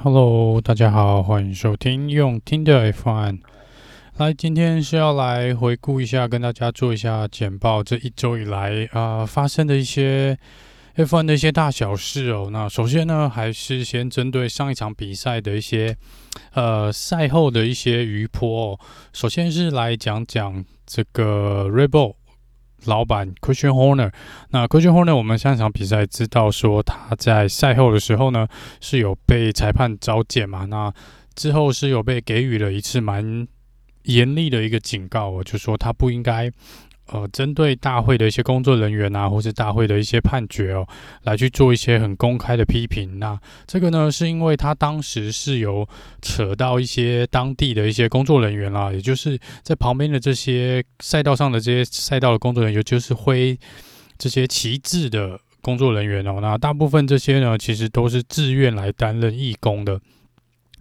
Hello，大家好，歡迎收聽用聽的 F1。來，今天是要來回顧一下，跟大家做一下簡報這一周以來啊、呃、發生的一些 F1 的一些大小事哦。那首先呢，還是先針對上一場比賽的一些呃賽後的一些餘波哦。首先是來講講這個 Red Bull。老闆 Christian Horner，那 Christian Horner，我們上場比賽知道說他在賽後的時候呢是有被裁判召見嘛，那之後是有被給予了一次蠻嚴厲的一個警告，我就是說他不應該。呃，針對大會的一些工作人員吶、啊，或是大會的一些判決哦，來去做一些很公開的批評。那這個呢，是因為他當時是有扯到一些當地的一些工作人員啦，也就是在旁邊的這些賽道上的這些賽道的工作人員，就是揮這些旗幟的工作人員哦。那大部分這些呢，其實都是自願來擔任義工的。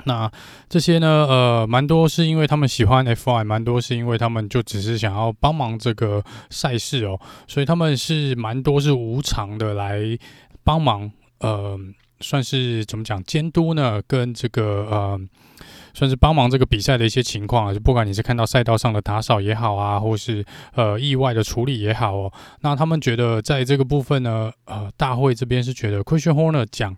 那這些呢，呃，蠻多是因為他們喜歡 F1，蠻多是因為他們就只是想要幫忙這個賽事哦，所以他們是蠻多是無償的來幫忙，呃，算是怎麼講監督呢？跟這個呃，算是幫忙這個比賽的一些情況啊，就不管你是看到賽道上的打掃也好啊，或是呃意外的處理也好哦，那他們覺得在這個部分呢，呃，大會這邊是覺得 Christian Horner 講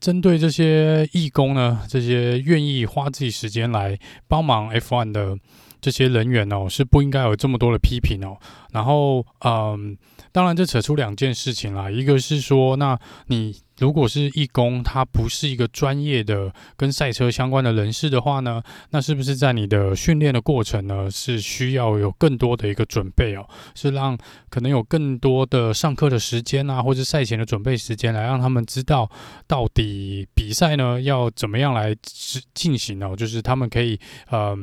針對這些義工呢，這些願意花自己時間來幫忙 F1 的這些人員哦，是不應該有這麼多的批評哦。然後，嗯，當然這扯出兩件事情啦，一個是說，那你。如果是義工，他不是一個專業的跟賽車相關的人士的話呢，那是不是在你的訓練的過程呢，是需要有更多的一個準備哦、喔，是讓可能有更多的上課的時間啊，或者賽前的準備時間，來讓他們知道到底比賽呢要怎麼樣來進行哦、喔，就是他們可以嗯。呃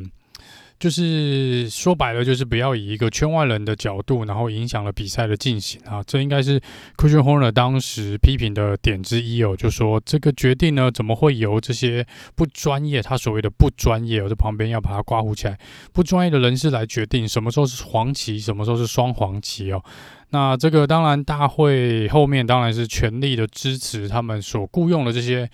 就是說白了，就是不要以一個圈外人的角度，然後影響了比賽的進行啊！這應該是 Christian Horner 當時批評的點之一哦，就說這個決定呢，怎麼會由這些不專業，他所謂的不專業，我在旁邊要把它刮鬍起來，不專業的人士來決定什麼時候是黃旗，什麼時候是雙黃旗哦？那這個當然，大會後面當然是全力的支持他們所雇用的這些。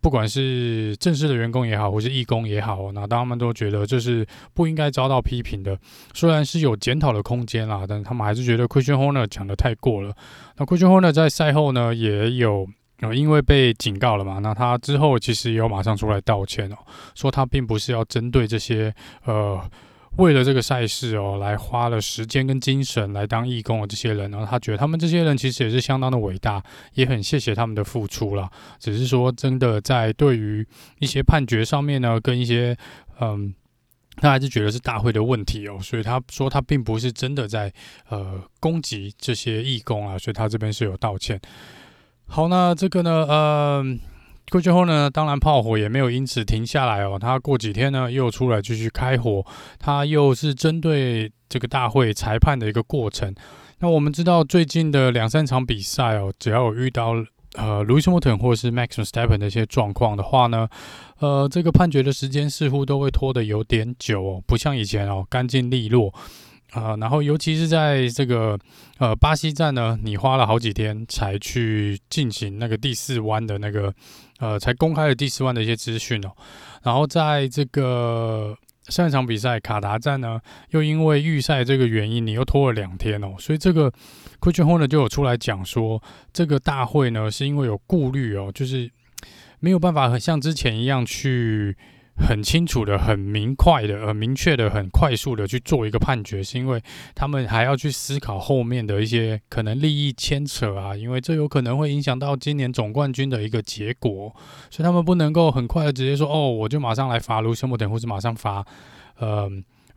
不管是正式的員工也好，或是義工也好，那他們都覺得就是不應該遭到批評的。雖然是有檢討的空間啦，但他們還是覺得 Christian Horner 呢講的太過了。那 Christian Horner 在賽後呢也有、呃，因為被警告了嘛，那他之後其實也有馬上出來道歉哦、喔，說他並不是要針對這些呃。為了這個賽事哦，來花了時間跟精神來當義工的這些人呢，他覺得他們這些人其實也是相當的偉大，也很謝謝他們的付出啦。只是說真的，在對於一些判決上面呢，跟一些嗯、呃，他還是覺得是大會的問題哦，所以他說他並不是真的在呃攻擊這些義工啊，所以他這邊是有道歉。好，那這個呢，嗯、呃。過去後呢，當然炮火也沒有因此停下來哦。他過幾天呢又出來繼續開火，他又是針對這個大會裁判的一個過程。那我們知道最近的兩三場比賽哦，只要有遇到呃 Lewis Hamilton 或者是 Max Verstappen 的一些狀況的話呢，呃，這個判決的時間似乎都會拖得有點久，哦，不像以前哦乾淨利落。啊、呃，然後尤其是在這個呃巴西站呢，你花了好幾天才去進行那個第四彎的那個呃，才公開了第四彎的一些資訊哦。然後在這個上一場比賽卡達站呢，又因為預賽這個原因，你又拖了兩天哦。所以這個 Christian Horner 呢就有出來講說，這個大會呢是因為有顧慮哦，就是沒有辦法很像之前一樣去。很清楚的、很明快的、很明確的、很快速的去做一個判決，是因為他們還要去思考後面的一些可能利益牽扯啊，因為這有可能會影響到今年總冠軍的一個結果，所以他們不能夠很快的直接說，哦，我就馬上來罰 Lewis Hamilton，或者馬上罰呃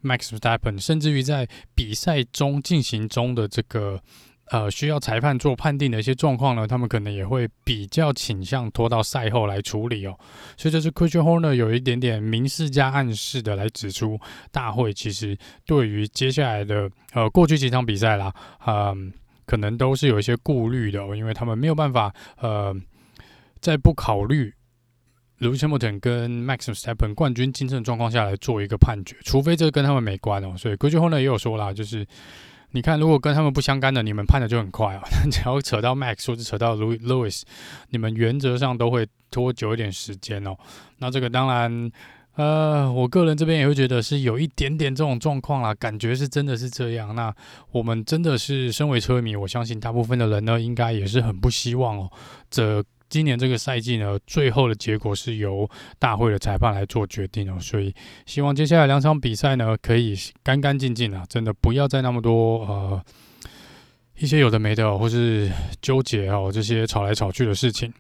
Max Verstappen，甚至於在比賽中進行中的這個。呃，需要裁判做判定的一些狀況呢，他們可能也會比較傾向拖到賽後來處理哦。所以就是 Christian Horner 有一點點明示加暗示的來指出，大會其實對於接下來的呃過去幾場比賽啦，嗯、呃，可能都是有一些顧慮的哦，因為他們沒有辦法呃在不考慮 Lewis Hamilton 跟 Max Verstappen 冠軍競爭狀況下來做一個判決，除非這跟他們沒關哦。所以 Christian Horner 也有說啦，就是。你看，如果跟他們不相干的，你們判得就很快哦、啊。只要扯到 Max，或者扯到 Louis，你們原則上都會拖久一點時間哦。那這個當然，呃，我個人這邊也會覺得是有一點點這種狀況啦，感覺是真的是這樣。那我們真的是身為車迷，我相信大部分的人呢，應該也是很不希望哦這。今年這個賽季呢，最後的結果是由大會的裁判來做決定哦，所以希望接下來兩場比賽呢，可以乾乾淨淨啊，真的不要再那麼多呃一些有的沒的哦，或是糾結啊哦，這些吵來吵去的事情。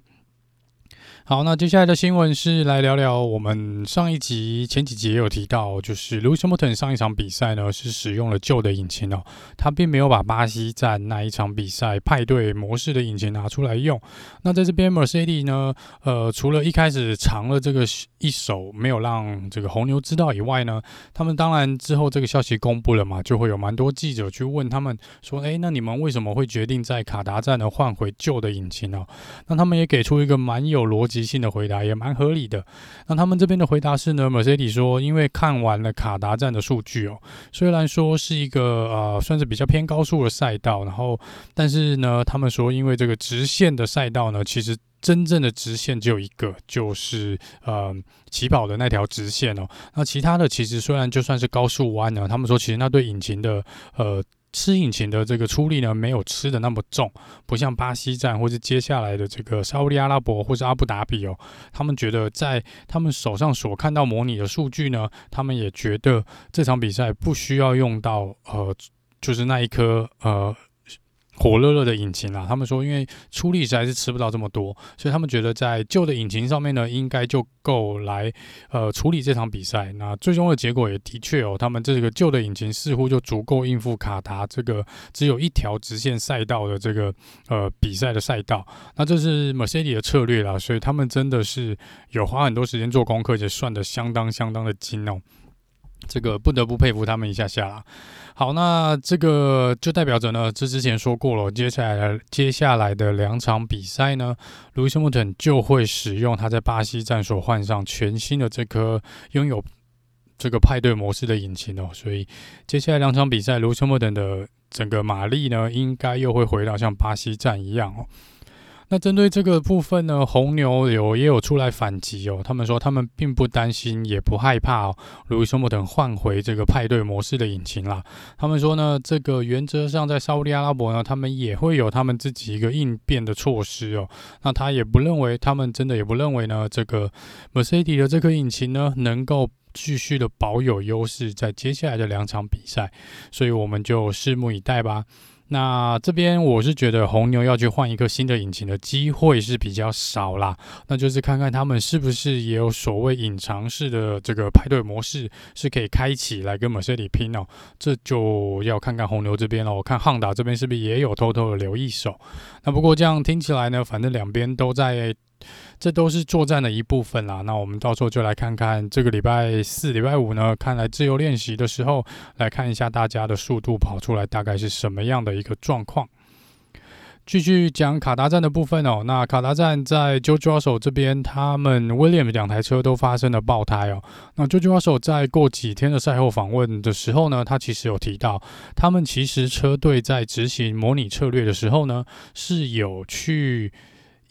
好，那接下來的新聞是來聊聊我們上一集前幾集也有提到，就是 Lewis Hamilton 上一場比賽呢是使用了舊的引擎哦、喔，他並沒有把巴西站那一場比賽派對模式的引擎拿出來用。那在這邊 Mercedes 呢，呃，除了一開始藏了這個一手，沒有讓這個紅牛知道以外呢，他們當然之後這個消息公布了嘛，就會有蠻多記者去問他們說，哎、欸，那你們為什麼會決定在卡達站呢換回舊的引擎哦、喔？那他們也給出一個蠻有邏輯。即興的回答也蠻合理的。那他們這邊的回答是呢，Mercedes 說，因為看完了卡達站的數據哦，雖然說是一個呃，算是比較偏高速的賽道，然後，但是呢，他們說因為這個直線的賽道呢，其實真正的直線只有一個，就是呃，起跑的那條直線哦。那其他的其實雖然就算是高速彎呢，他們說其實那對引擎的呃。吃引擎的這個出力呢，沒有吃的那麼重，不像巴西站或者接下來的這個沙烏地阿拉伯或是阿布達比哦，他們覺得在他們手上所看到模擬的數據呢，他們也覺得這場比賽不需要用到呃，就是那一顆呃。火熱熱的引擎啊！他們說，因為出力實在是吃不到這麼多，所以他們覺得在舊的引擎上面呢，應該就夠來呃處理這場比賽。那最終的結果也的確哦、喔，他們這個舊的引擎似乎就足夠應付卡達這個只有一條直線賽道的這個呃比賽的賽道。那這是 Mercedes 的策略啦，所以他們真的是有花很多時間做功課，而且算得相當相當的精哦、喔。這個不得不佩服他們一下下啦。好，那這個就代表着呢，這之前說過了，接下來接下來的兩場比賽呢，Lewis Hamilton 就會使用他在巴西站所換上全新的這顆擁有這個派對模式的引擎哦，所以接下來兩場比賽，Lewis Hamilton 的整個馬力呢，應該又會回到像巴西站一樣哦。那針對這個部分呢，紅牛有也有出來反擊哦。他們說他們並不擔心，也不害怕哦。盧易斯·莫等換回這個派對模式的引擎啦。他們說呢，這個原則上在沙烏地阿拉伯呢，他們也會有他們自己一個應變的措施哦。那他也不認為，他們真的也不認為呢，這個 Mercedes 的這顆引擎呢能夠繼續的保有優勢在接下來的兩場比賽。所以我們就拭目以待吧。那這邊我是覺得紅牛要去換一個新的引擎的機會是比較少啦，那就是看看他們是不是也有所謂隱藏式的這個排位模式是可以開啟來跟 Mercedes 拼哦、喔，這就要看看紅牛這邊了。我看 Honda 這邊是不是也有偷偷的留一手？那不過這樣聽起來呢，反正兩邊都在。這都是作戰的一部分啦。那我們到時候就來看看這個禮拜四、禮拜五呢，看來自由練習的時候，來看一下大家的速度跑出來大概是什麼樣的一個狀況。繼續講卡達站的部分哦。那卡達站在喬治羅素這邊，他們 William 兩台車都發生了爆胎哦。那喬治羅素在過幾天的賽後訪問的時候呢，他其實有提到，他們其實車隊在執行模擬策略的時候呢，是有去。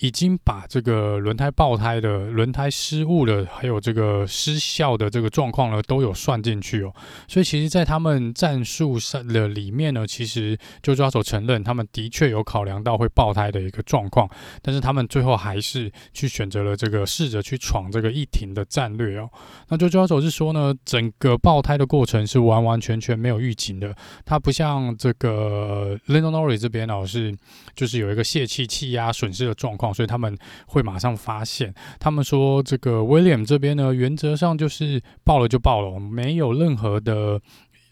已經把這個輪胎爆胎的、輪胎失誤的，還有這個失效的這個狀況呢，都有算進去哦。所以其實，在他們戰術上的裡面呢，其實就抓手承認，他們的確有考量到會爆胎的一個狀況，但是他們最後還是去選擇了這個試着去闖這個一停的戰略哦。那就抓手是說呢，整個爆胎的過程是完完全全沒有預警的，它不像這個 Lando Norris 這邊哦，是就是有一個洩氣氣壓損失的狀況。所以他們會馬上發現。他們說，這個威廉這邊呢，原則上就是爆了就爆了，沒有任何的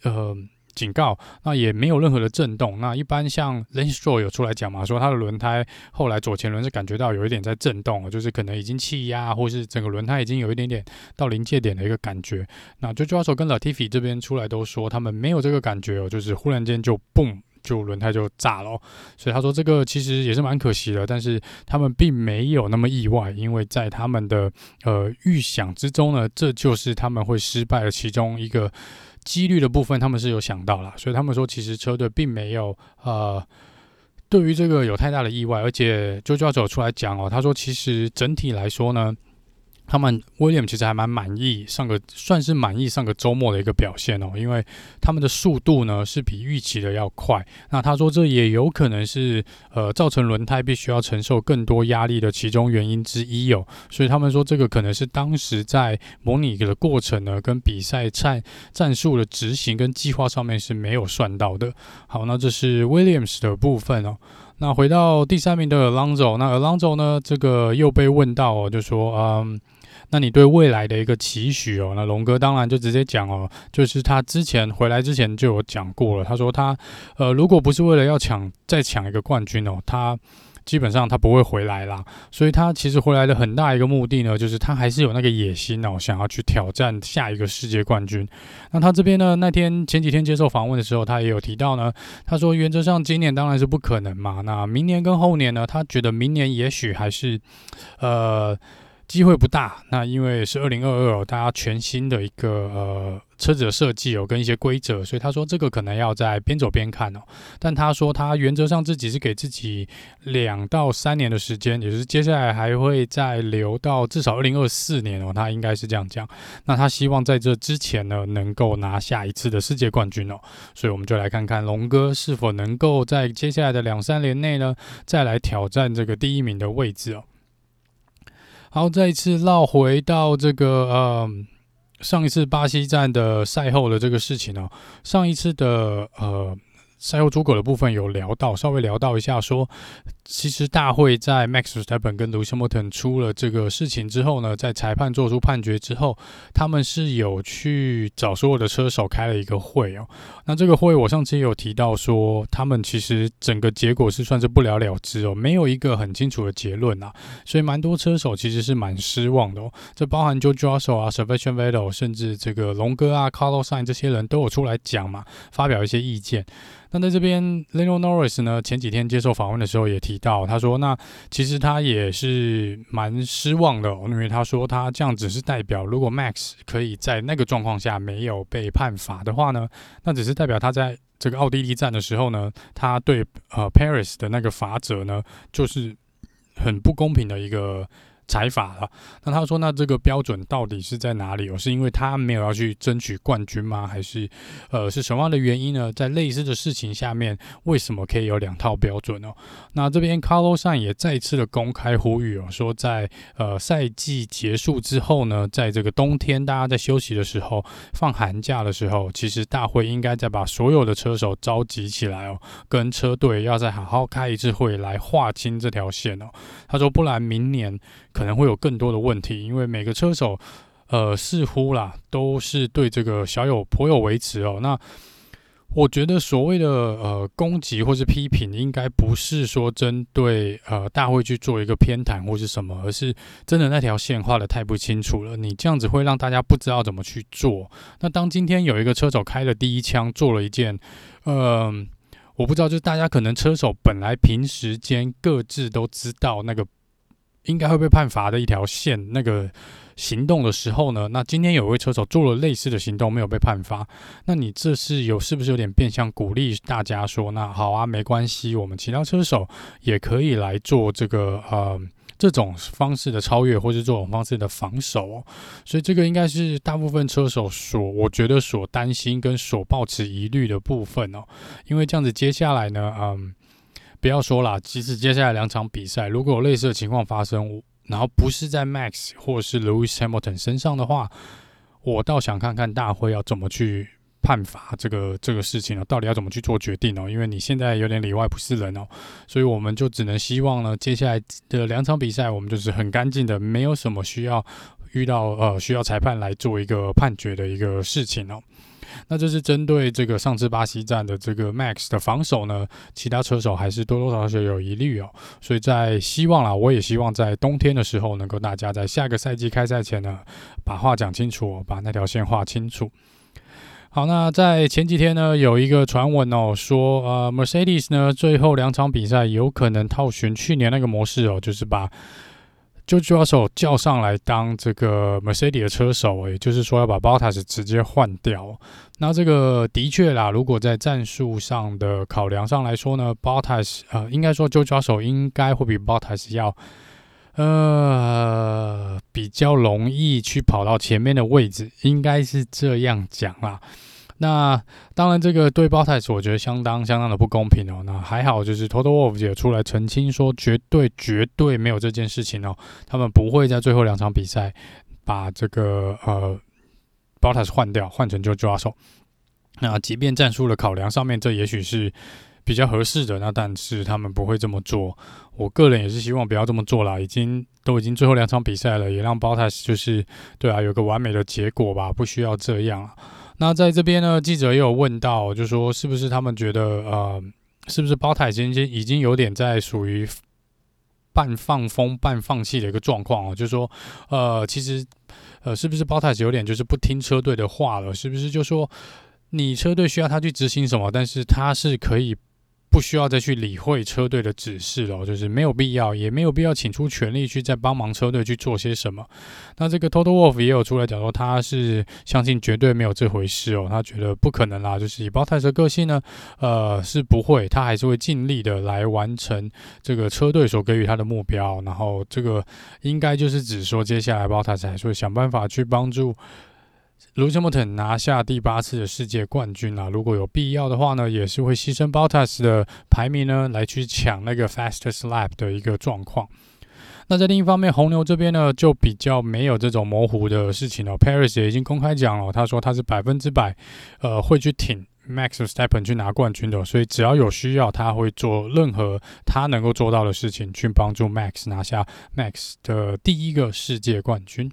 呃警告，那也沒有任何的震動。那一般像 Lance Stroll 有出來講嘛，說他的輪胎後來左前輪是感覺到有一點在震動，就是可能已經氣壓或是整個輪胎已經有一點點到臨界點的一個感覺。那 George Russell 跟 Latifi 這邊出來都說，他們沒有這個感覺哦，就是忽然間就 boom。就輪胎就炸了喔，所以他說這個其實也是蠻可惜的，但是他們並沒有那麼意外，因為在他們的呃預想之中呢，這就是他們會失敗的其中一個幾率的部分，他們是有想到啦，所以他們說其實車隊並沒有呃對於這個有太大的意外，而且 JoJo 出來講哦，他說其實整體來說呢。他們 Williams 其實還蠻滿意上個算是滿意上個周末的一個表現哦，因為他們的速度呢是比預期的要快。那他說這也有可能是呃造成輪胎必須要承受更多壓力的其中原因之一哦。所以他們說這個可能是當時在模擬的過程呢跟比賽戰戰術的執行跟計劃上面是沒有算到的。好，那這是 Williams 的部分哦。那回到第三名的 Alonso 那 Alonso 呢這個又被問到哦，就說嗯。那你對未來的一個期許哦？那龍哥當然就直接講哦，就是他之前回來之前就有講過了。他說他呃，如果不是為了要搶再搶一個冠軍哦，他基本上他不會回來啦。所以他其實回來的很大一個目的呢，就是他還是有那個野心哦，想要去挑戰下一個世界冠軍。那他這邊呢，那天前幾天接受訪問的時候，他也有提到呢。他說原則上今年當然是不可能嘛。那明年跟後年呢，他覺得明年也許還是呃。機會不大，那因為是二零二二，大家全新的一個呃車子的設計哦，跟一些規則，所以他說這個可能要在邊走邊看哦。但他說他原則上自己是給自己兩到三年的時間，也就是接下來還會再留到至少二零二四年哦，他應該是這樣講。那他希望在這之前呢，能夠拿下一次的世界冠軍哦。所以我們就來看看龍哥是否能夠在接下來的兩三年內呢，再來挑戰這個第一名的位置哦。好，再一次繞回到這個，呃，上一次巴西站的賽後的這個事情呢、哦，上一次的，呃。賽後諸葛的部分有聊到，稍微聊到一下說，說其實大會在 Max Verstappen 跟 Lucy Morton 出了這個事情之後呢，在裁判做出判決之後，他們是有去找所有的車手開了一個會哦。那這個會我上次也有提到說，他們其實整個結果是算是不了了之哦，沒有一個很清楚的結論吶、啊，所以蠻多車手其實是蠻失望的哦。這包含 Jojo Russell、Sebastian Vettel，甚至這個龍哥啊、Carlos Sainz 這些人都有出來講嘛，發表一些意見。那在這邊 Lando Norris 呢，前幾天接受訪問的時候也提到，他說：“那其實他也是蠻失望的、哦，因為他說他這樣只是代表，如果 Max 可以在那個狀況下沒有被判罰的話呢，那只是代表他在這個奧地利站的時候呢，他對呃 Paris 的那個罰則呢，就是很不公平的一個。”採訪了，那他說，那這個標準到底是在哪裡？哦，是因為他沒有要去爭取冠軍嗎？還是，呃，是什麼樣的原因呢？在類似的事情下面，為什麼可以有兩套標準呢、哦？那這邊 Carlos 也再次的公開呼籲哦，說在呃賽季結束之後呢，在這個冬天大家在休息的時候，放寒假的時候，其實大會應該再把所有的車手召集起來哦，跟車隊要再好好開一次會來劃清這條線哦。他說，不然明年。可能會有更多的問題，因為每個車手，呃，似乎啦都是對這個小有頗有微詞哦。那我覺得所謂的呃攻擊或是批評，應該不是說針對呃大會去做一個偏袒或是什麼，而是真的那條線畫得太不清楚了。你這樣子會讓大家不知道怎麼去做。那當今天有一個車手開了第一槍，做了一件，嗯、呃，我不知道，就是大家可能車手本來平時間各自都知道那個。應該會被判罰的一條線，那個行動的時候呢？那今天有位車手做了類似的行動，沒有被判罰。那你這是有是不是有點變相鼓勵大家說，那好啊，沒關係，我們其他車手也可以來做這個，呃，這種方式的超越，或是這種方式的防守，喔。所以這個應該是大部分車手所我覺得所擔心跟所抱持疑慮的部分哦，喔，因為這樣子接下來呢，嗯。不要說了，即使接下來兩場比賽如果有類似的情況發生，然後不是在 Max 或是 Lewis Hamilton 身上的話，我倒想看看大會要怎麼去判罰這個這個事情哦、喔，到底要怎麼去做決定哦、喔？因為你現在有點裡外不是人哦、喔，所以我們就只能希望呢，接下來的兩場比賽我們就是很乾淨的，沒有什麼需要遇到呃需要裁判來做一個判決的一個事情哦、喔。那這是針對這個上次巴西站的這個 Max 的防守呢，其他車手還是多多少少有疑慮哦，所以在希望啊，我也希望在冬天的時候能夠大家在下個賽季開賽前呢，把話講清楚哦，把那條線畫清楚。好，那在前幾天呢，有一個傳聞哦，說呃，Mercedes 呢，最後兩場比賽有可能套選去年那個模式哦，就是把。周選手叫上來當這個 Mercedes 的車手，也就是說要把 Bottas 直接換掉。那這個的確啦，如果在戰術上的考量上來說呢，Bottas 啊、呃、應該說周選手應該會比 Bottas 要呃比較容易去跑到前面的位置，應該是這樣講啦。那當然，這個對 Bottas 我覺得相當相當的不公平哦。那還好，就是 Toto Wolf 也出來澄清說，絕對絕對沒有這件事情哦。他們不會在最後兩場比賽把這個呃 Bottas 換掉，換成就抓手。那即便戰術的考量上面，這也許是比較合適的，那但是他們不會這麼做。我個人也是希望不要這麼做啦，已經都已經最後兩場比賽了，也讓 Bottas 就是對啊，有個完美的結果吧，不需要這樣。那在這邊呢，記者也有問到，就是說是不是他們覺得，呃，是不是包太監已，已經有點在屬於半放風半放棄的一個狀況哦？就是說，呃，其實，呃，是不是包太是有點就是不聽車隊的話了？是不是就是說你車隊需要他去執行什麼，但是他是可以。不需要再去理會車隊的指示了、喔，就是沒有必要，也沒有必要請出全力去再幫忙車隊去做些什麼。那這個 Toto Wolff 也有出來講說，他是相信絕對沒有這回事哦、喔，他覺得不可能啦。就是以 Bottas 的個性呢，呃，是不會，他還是會盡力的來完成這個車隊所給予他的目標。然後這個應該就是指說接下來 Bottas 還是會想辦法去幫助。Lewis Hamilton 拿下第八次的世界冠軍啦，啊！如果有必要的話呢，也是會犧牲 Bottas 的排名呢，來去搶那個 Fastest Lap 的一個狀況。那在另一方面，紅牛這邊呢，就比較沒有這種模糊的事情了，喔。Perez 也已經公開講了，喔，他說他是百分之百，呃，會去挺 Max Verstappen 去拿冠軍的。所以只要有需要，他會做任何他能夠做到的事情，去幫助 Max 拿下 Max 的第一個世界冠軍。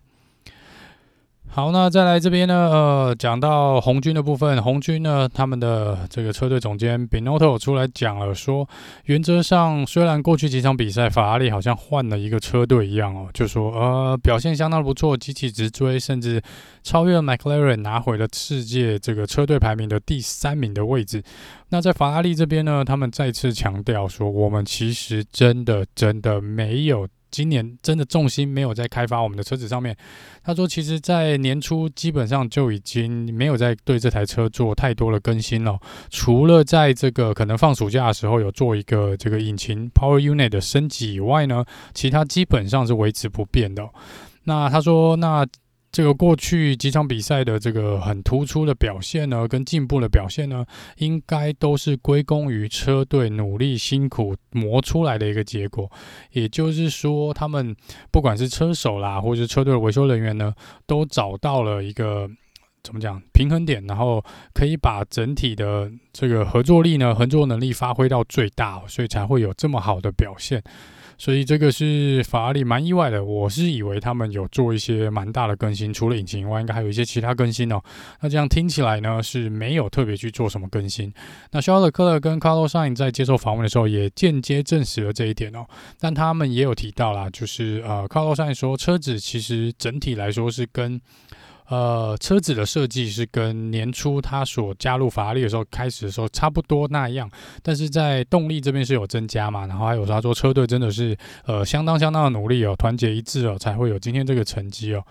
好，那再來這邊呢，呃，講到紅軍的部分，紅軍呢，他們的這個車隊總監 Binotto 出來講了，說原則上雖然過去幾場比賽法拉利好像換了一個車隊一樣哦，就說呃表現相當不錯，急起直追，甚至超越了 McLaren，拿回了世界這個車隊排名的第三名的位置。那在法拉利這邊呢，他們再次強調說，我們其實真的真的沒有。今年真的重心沒有在開發我們的車子上面，他說，其實在年初基本上就已經沒有在對這台車做太多的更新了，除了在這個可能放暑假的時候有做一個這個引擎 power unit 的升級以外呢，其他基本上是維持不變的。那他說，那。這個過去幾場比賽的這個很突出的表現呢，跟進步的表現呢，應該都是歸功於車隊努力辛苦磨出來的一個結果。也就是說，他們不管是車手啦，或者是車隊的維修人員呢，都找到了一個怎麼講平衡點，然後可以把整體的這個合作力呢，合作能力發揮到最大，所以才會有這麼好的表現。所以這個是法拉利蠻意外的，我是以為他們有做一些蠻大的更新，除了引擎以外，應該還有一些其他更新哦。那這樣聽起來呢，是沒有特別去做什麼更新。那肖勒克勒跟卡洛薩在接受訪問的時候，也間接證實了這一點哦。但他們也有提到啦，就是呃，卡洛薩說車子其實整體來說是跟。呃，車子的設計是跟年初他所加入法拉利的時候開始的時候差不多那樣，但是在動力這邊是有增加嘛，然後還有他說車隊真的是呃相當相當的努力哦，團結一致哦，才會有今天這個成績哦。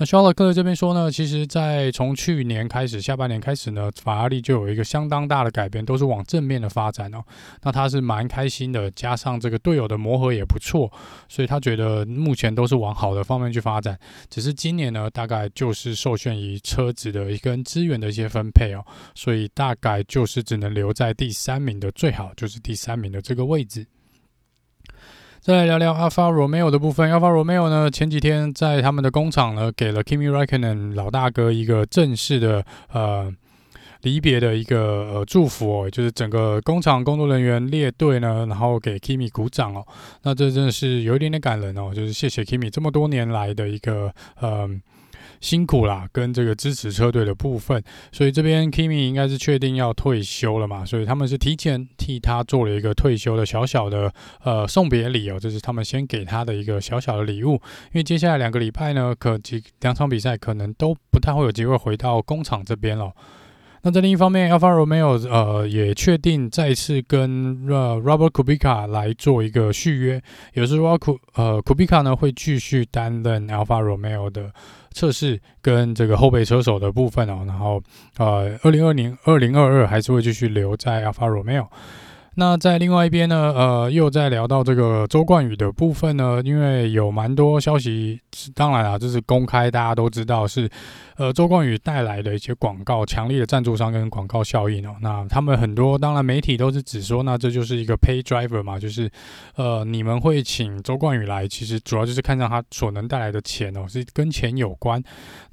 那肖勒克這邊說呢，其實，在從去年開始，下半年開始呢，法拉利就有一個相當大的改變，都是往正面的發展哦、喔。那他是蠻開心的，加上這個隊友的磨合也不錯，所以他覺得目前都是往好的方面去發展。只是今年呢，大概就是受限於車子的一跟資源的一些分配哦、喔，所以大概就是只能留在第三名的最好就是第三名的這個位置。再來聊聊 Alfa Romeo 的部分。Alfa Romeo 呢，前幾天在他們的工廠呢，給了 Kimi Räikkönen 老大哥一個正式的呃離別的一個呃祝福哦，就是整個工廠工作人員列隊呢，然後給 Kimi 鼓掌哦。那這真的是有一點點感人哦，就是謝謝 Kimi 這麼多年來的一個嗯。呃辛苦啦，跟這個支持車隊的部分，所以這邊 Kimi 應該是確定要退休了嘛，所以他們是提前替他做了一個退休的小小的呃送別禮哦，這是他們先給他的一個小小的禮物，因為接下來兩個禮拜呢，可幾兩場比賽可能都不太會有機會回到工廠這邊了。那在另一方面，Alfa Romeo 呃也確定再次跟呃 Robert Kubica 來做一個續約，也就是說，呃 Kubica 呢會繼續擔任 Alfa Romeo 的測試跟這個後備車手的部分哦，然後呃二零二零二零二二還是會繼續留在 Alfa Romeo。那在另外一邊呢，呃，又在聊到這個周冠宇的部分呢，因為有蠻多消息，當然啊，這、就是公開，大家都知道是，呃，周冠宇帶來的一些廣告、強力的贊助商跟廣告效應哦、喔。那他們很多，當然媒體都是只說，那這就是一個 pay driver 嘛，就是，呃，你們會請周冠宇來，其實主要就是看上他所能帶來的錢哦、喔，是跟錢有關。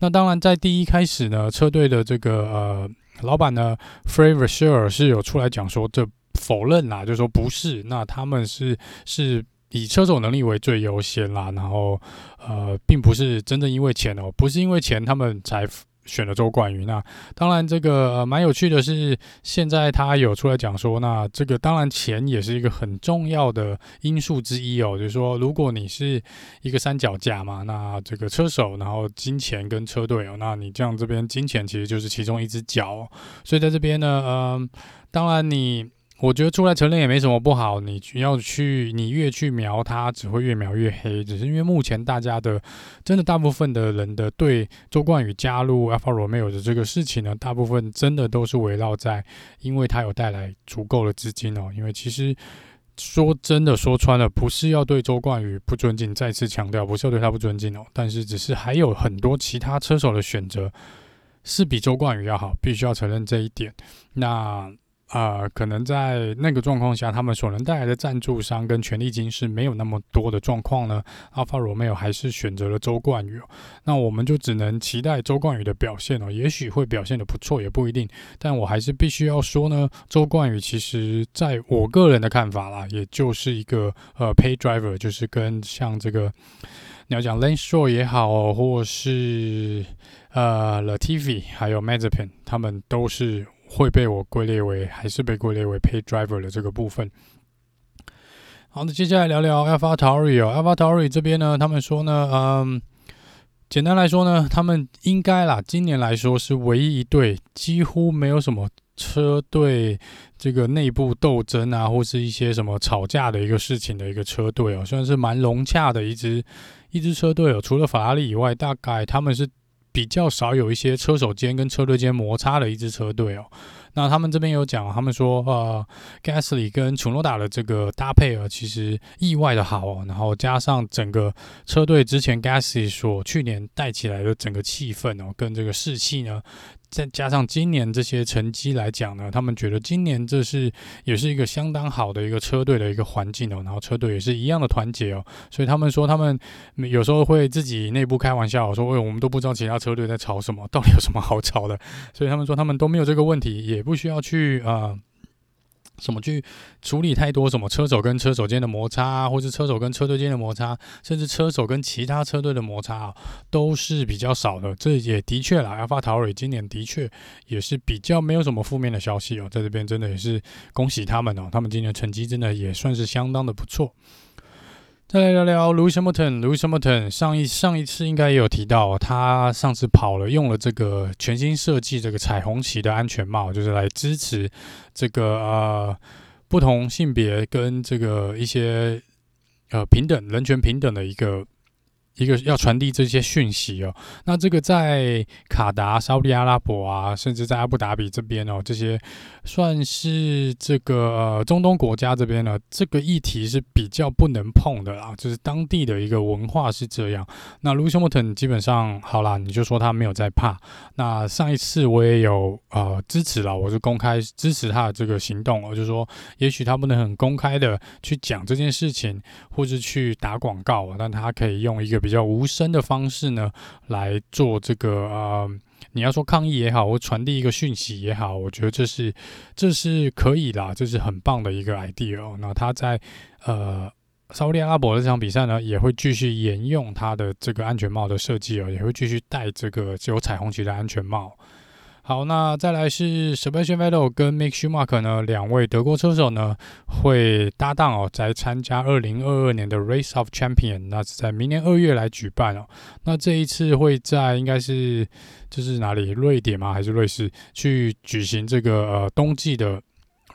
那當然在第一開始呢，車隊的這個呃老闆呢 Frédéric Vasseur 是有出來講說這。否認啦，就說不是，那他們是是以車手能力為最優先啦，然後呃，並不是真正因為錢哦，不是因為錢他們才選了周冠宇。那當然，這個呃，蠻有趣的是，現在他有出來講說，那這個當然錢也是一個很重要的因素之一哦，就是說如果你是一個三腳架嘛，那這個車手，然後金錢跟車隊哦，那你這樣這邊金錢其實就是其中一只腳，所以在這邊呢，呃，當然你。我覺得出來承認也沒什麼不好。你只要去，你越去描他，只會越描越黑。只是因為目前大家的，真的大部分的人的對周冠宇加入 Alfa Romeo 的這個事情呢，大部分真的都是圍繞在，因為他有帶來足夠的資金哦。因為其實說真的，說穿了，不是要對周冠宇不尊敬，再次強調，不是要對他不尊敬哦。但是只是還有很多其他車手的選擇是比周冠宇要好，必須要承認這一點。那。啊、呃，可能在那個狀況下，他們所能帶來的贊助商跟權利金是沒有那麼多的狀況呢。阿爾法羅密歐，還是選擇了周冠宇，喔，那我們就只能期待周冠宇的表現哦，喔，也許會表現得不錯，也不一定。但我還是必須要說呢，周冠宇其實在我個人的看法啦，也就是一個呃，pay driver，就是跟像這個你要講 Lance Stroll 也好，或是呃，Latifi 還有 Mazepin，他們都是。會被我歸列為還是被歸列為 Pay Driver 的這個部分好。好，那接下來聊聊 AlphaTauri 哦，AlphaTauri 這邊呢，他們說呢，嗯，簡單來說呢，他們應該啦，今年來說是唯一一隊幾乎沒有什麼車隊這個內部鬥爭啊，或是一些什麼吵架的一個事情的一個車隊哦，算是蠻融洽的一支一支車隊哦，除了法拉利以外，大概他們是，比較少有一些車手間跟車隊間摩擦的一支車隊哦，那他們這邊有講，他們說呃，Gasly 跟 Tsunoda 的這個搭配啊，其實意外的好哦，然後加上整個車隊之前 Gasly 所去年帶起來的整個氣氛，哦，跟這個士氣呢。再加上今年這些成績來講呢，他們覺得今年這是也是一個相當好的一個車隊的一個環境哦，然後車隊也是一樣的團結哦，所以他們說他們有時候會自己內部開玩笑說，誒，我們都不知道其他車隊在吵什麼，到底有什麼好吵的？所以他們說他們都沒有這個問題，也不需要去啊。呃怎麼去處理太多什麼車手跟車手間的摩擦啊，或是車手跟車隊間的摩擦，甚至車手跟其他車隊的摩擦啊，都是比較少的。這也的確啦，AlphaTauri 今年的確也是比較沒有什麼負面的消息哦，在這邊真的也是恭喜他們哦，他們今年成績真的也算是相當的不錯。再來聊聊 Lewis Hamilton。Lewis Hamilton 上一上一次應該也有提到，他上次跑了用了這個全新設計這個彩虹旗的安全帽，就是來支持這個呃不同性別跟這個一些呃平等人權平等的一個。一個要傳遞這些訊息哦、喔，那這個在卡達、沙烏地阿拉伯啊，甚至在阿布達比這邊哦、喔，這些算是這個呃中東國家這邊呢，這個議題是比較不能碰的啊，就是當地的一個文化是這樣。那 Lewis Hamilton 基本上好啦，你就說他沒有在怕。那上一次我也有啊、呃、支持了，我是公開支持他的這個行動，我就說也許他不能很公開的去講這件事情，或是去打廣告，但他可以用一個。比較無聲的方式呢，來做這個啊、呃，你要說抗議也好，或傳遞一個訊息也好，我覺得這是這是可以啦，這是很棒的一個 idea、哦那他在呃，沙烏地阿拉伯的這場比賽呢，也會繼續沿用他的這個安全帽的設計哦，也會繼續戴這個只有彩虹旗的安全帽。好，那再來是 Sebastian Vettel 跟 Mick Schumacher 呢兩位德國車手呢會搭檔哦，在參加二零二二年的 Race of c h a m p i o n 那是在明年二月來舉辦哦。那這一次會在應該是就是哪裡？瑞典嗎？還是瑞士？去舉行這個呃冬季的。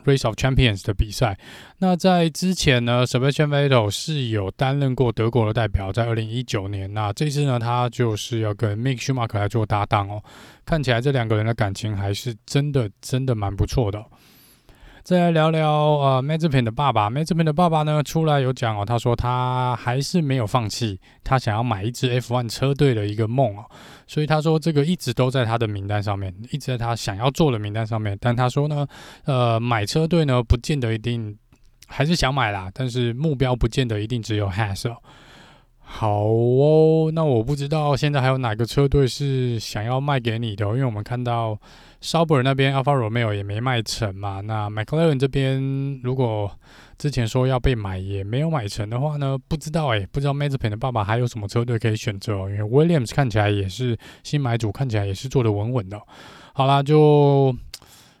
Race of Champions 的比賽，那在之前呢，Sebastian Vettel 是有擔任過德國的代表，在二零一九年，那這次呢，他就是要跟 Mick Schumacher 來做搭檔哦，看起來這兩個人的感情還是真的真的蠻不錯的。再來聊聊呃，麥哲平的爸爸。麥哲平的爸爸呢，出來有講哦，他說他還是沒有放棄，他想要買一支 F1 車隊的一個夢哦。所以他說這個一直都在他的名單上面，一直在他想要做的名單上面。但他說呢，呃，買車隊呢，不見得一定還是想買啦，但是目標不見得一定只有 Haas 哦。好哦，那我不知道現在還有哪個車隊是想要賣給你的哦，因為我們看到。肖伯那邊，Alfa Romeo 也沒賣成嘛。那 McLaren 這邊，如果之前說要被買，也沒有買成的話呢？不知道誒、欸，不知道 Mazepin 的爸爸還有什麼車隊可以選擇哦。因為 Williams 看起來也是新買主，看起來也是做得穩穩的。好啦，就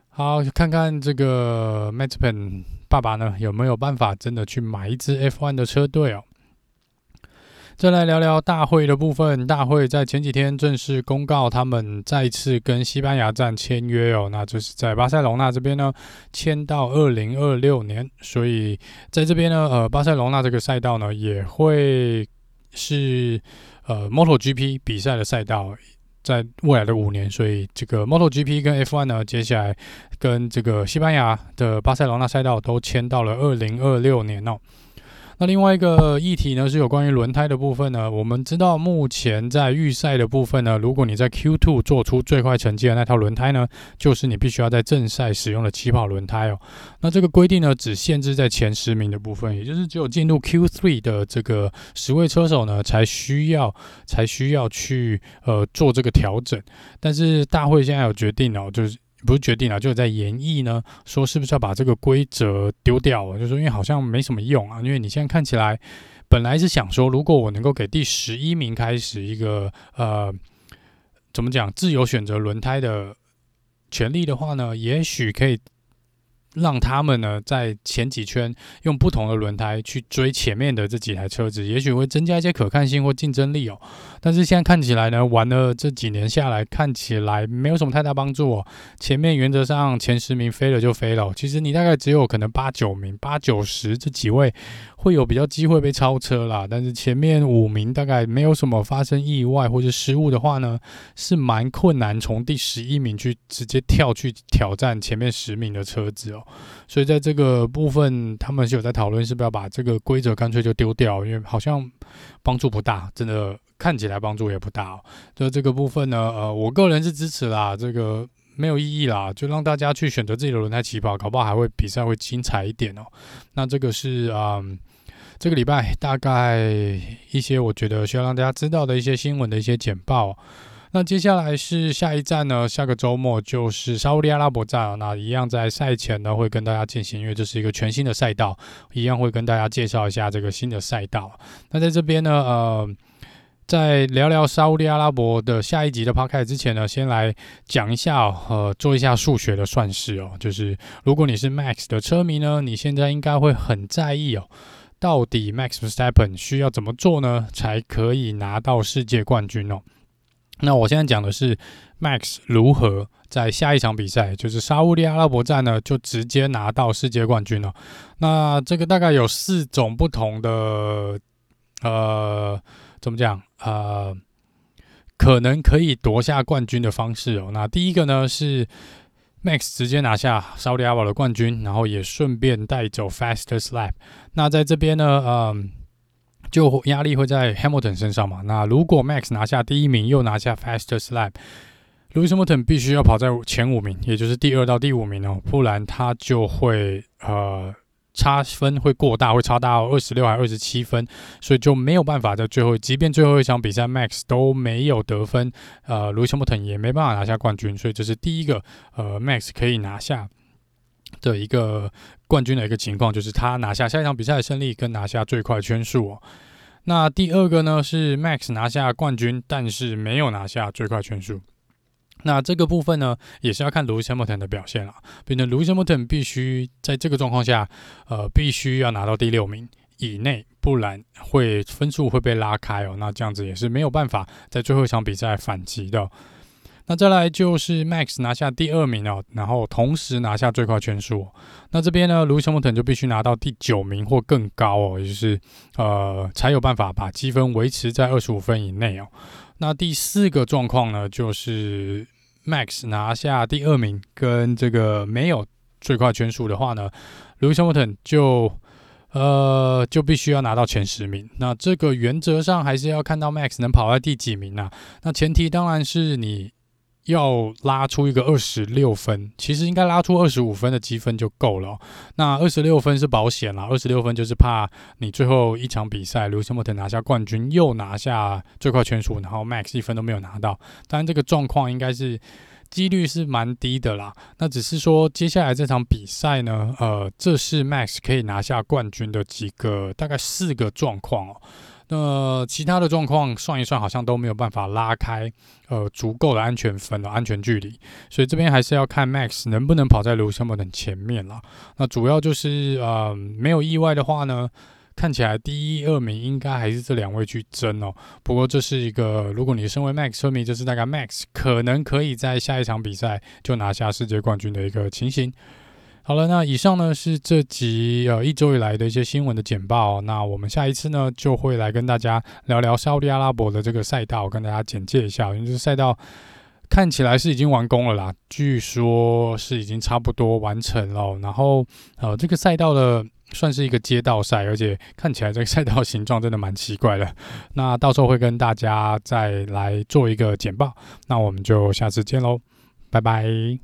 好看看這個 Mazepin 爸爸呢，有沒有辦法真的去買一支 F1 的車隊哦。再來聊聊大會的部分。大會在前幾天正式公告，他們再次跟西班牙站簽約哦。那就是在巴塞羅那這邊呢，簽到二零二六年。所以在這邊呢，呃，巴塞羅那這個賽道呢，也會是呃 MotoGP 比賽的賽道，在未來的五年。所以這個 MotoGP 跟 F1 呢，接下來跟這個西班牙的巴塞羅那賽道都簽到了二零二六年哦。那另外一個議題呢，是有關於輪胎的部分呢。我們知道，目前在預賽的部分呢，如果你在 Q2 做出最快成績的那套輪胎呢，就是你必須要在正賽使用的起跑輪胎哦。那這個規定呢，只限制在前十名的部分，也就是只有進入 Q3 的這個十位車手呢，才需要才需要去呃做這個調整。但是大會現在有決定哦，就是。不是決定了，就是在研議呢，說是不是要把這個規則丟掉？就是、說因為好像沒什麼用啊。因為你現在看起來，本來是想說，如果我能夠給第十一名開始一個呃，怎麼講，自由選擇輪胎的權利的話呢，也許可以。讓他們呢在前幾圈用不同的輪胎去追前面的這幾台車子，也許會增加一些可看性或競爭力哦、喔。但是現在看起來呢，玩了這幾年下來，看起來沒有什麼太大幫助哦、喔。前面原則上前十名飛了就飛了、喔，其實你大概只有可能八九名、八九十這幾位。會有比較機會被超車啦，但是前面五名大概沒有什麼發生意外或者失誤的話呢，是蠻困難從第十一名去直接跳去挑戰前面十名的車子哦。所以在這個部分，他們是有在討論是不是要把這個規則乾脆就丟掉，因為好像幫助不大，真的看起來幫助也不大哦。就這個部分呢，呃，我個人是支持啦，這個沒有意義啦，就讓大家去選擇自己的輪胎起跑，搞不好還會比賽會精彩一點哦。那這個是嗯。這個禮拜大概一些，我覺得需要讓大家知道的一些新聞的一些簡報，哦。那接下來是下一站呢，下個周末就是沙烏地阿拉伯站、哦，那一樣在賽前呢，會跟大家進行，因為這是一個全新的賽道，一樣會跟大家介紹一下這個新的賽道。那在這邊呢，呃，在聊聊沙烏地阿拉伯的下一集的拍開之前呢，先來講一下，哦，呃，做一下數學的算式哦，就是如果你是 Max 的車迷呢，你現在應該會很在意哦。到底 Max Verstappen 需要怎麼做呢，才可以拿到世界冠軍哦？那我現在講的是 Max 如何在下一場比賽，就是沙烏利阿拉伯站呢，就直接拿到世界冠軍哦。那這個大概有四種不同的，呃，怎麼講，呃，可能可以奪下冠軍的方式哦。那第一個呢是。Max 直接拿下 Saudi 阿保的冠軍，然後也順便帶走 Fastest Lap。那在這邊呢，嗯、呃，就壓力會在 Hamilton 身上嘛。那如果 Max 拿下第一名，又拿下 Fastest Lap，Lewis Hamilton 必須要跑在前五名，也就是第二到第五名哦，不然他就會呃。差分會過大，會差大到二十六還二十七分，所以就沒有辦法在最後，即便最後一場比賽 Max 都沒有得分，呃，Lewis Hamilton 也沒辦法拿下冠軍，所以這是第一個，呃，Max 可以拿下的一個冠軍的一個情況，就是他拿下下一場比賽的勝利跟拿下最快圈數哦。那第二個呢是 Max 拿下冠軍，但是沒有拿下最快圈數。那這個部分呢，也是要看盧 e w i 的表現了，畢竟盧 e w i 必須在這個狀況下，呃，必須要拿到第六名以內，不然會分數會被拉開哦、喔。那這樣子也是沒有辦法在最後一場比賽反擊的、喔。那再來就是 Max 拿下第二名哦、喔，然後同時拿下最快圈數、喔。那這邊呢盧 e w i s 就必須拿到第九名或更高哦、喔，也就是呃，才有辦法把積分維持在二十五分以內哦。那第四個狀況呢，就是 Max 拿下第二名，跟這個沒有最快圈數的話呢，Louis Hamilton 就呃，就必須要拿到前十名。那這個原則上還是要看到 Max 能跑在第幾名啊。那前提當然是你。要拉出一個二十六分，其實應該拉出二十五分的積分就夠了喔。那二十六分是保險啦，二十六分就是怕你最後一場比賽，Lewis Hamilton 拿下冠軍，又拿下最快圈速，然後 Max 一分都沒有拿到。當然，這個狀況應該是幾率是蠻低的啦。那只是說，接下來這場比賽呢，呃，這是 Max 可以拿下冠軍的幾個大概四個狀況哦。那、呃、其他的狀況算一算，好像都沒有辦法拉開呃足夠的安全分的、哦、安全距離，所以這邊還是要看 Max 能不能跑在盧森堡的前面了。那主要就是呃沒有意外的話呢，看起來第一二名應該還是這兩位去爭哦。不過這是一個，如果你身為 Max，說明就是大概 Max 可能可以在下一場比賽就拿下世界冠軍的一個情形。好了，那以上呢是這集呃一周以來的一些新聞的簡報哦。那我們下一次呢就會來跟大家聊聊沙烏地阿拉伯的這個賽道。跟大家簡介一下，因為這賽道看起來是已經完工了啦，據說是已經差不多完成了。然後呃，這個賽道呢算是一個街道賽，而且看起來這個賽道形狀真的蠻奇怪的。那到時候會跟大家再來做一個簡報。那我們就下次見嘍，拜拜。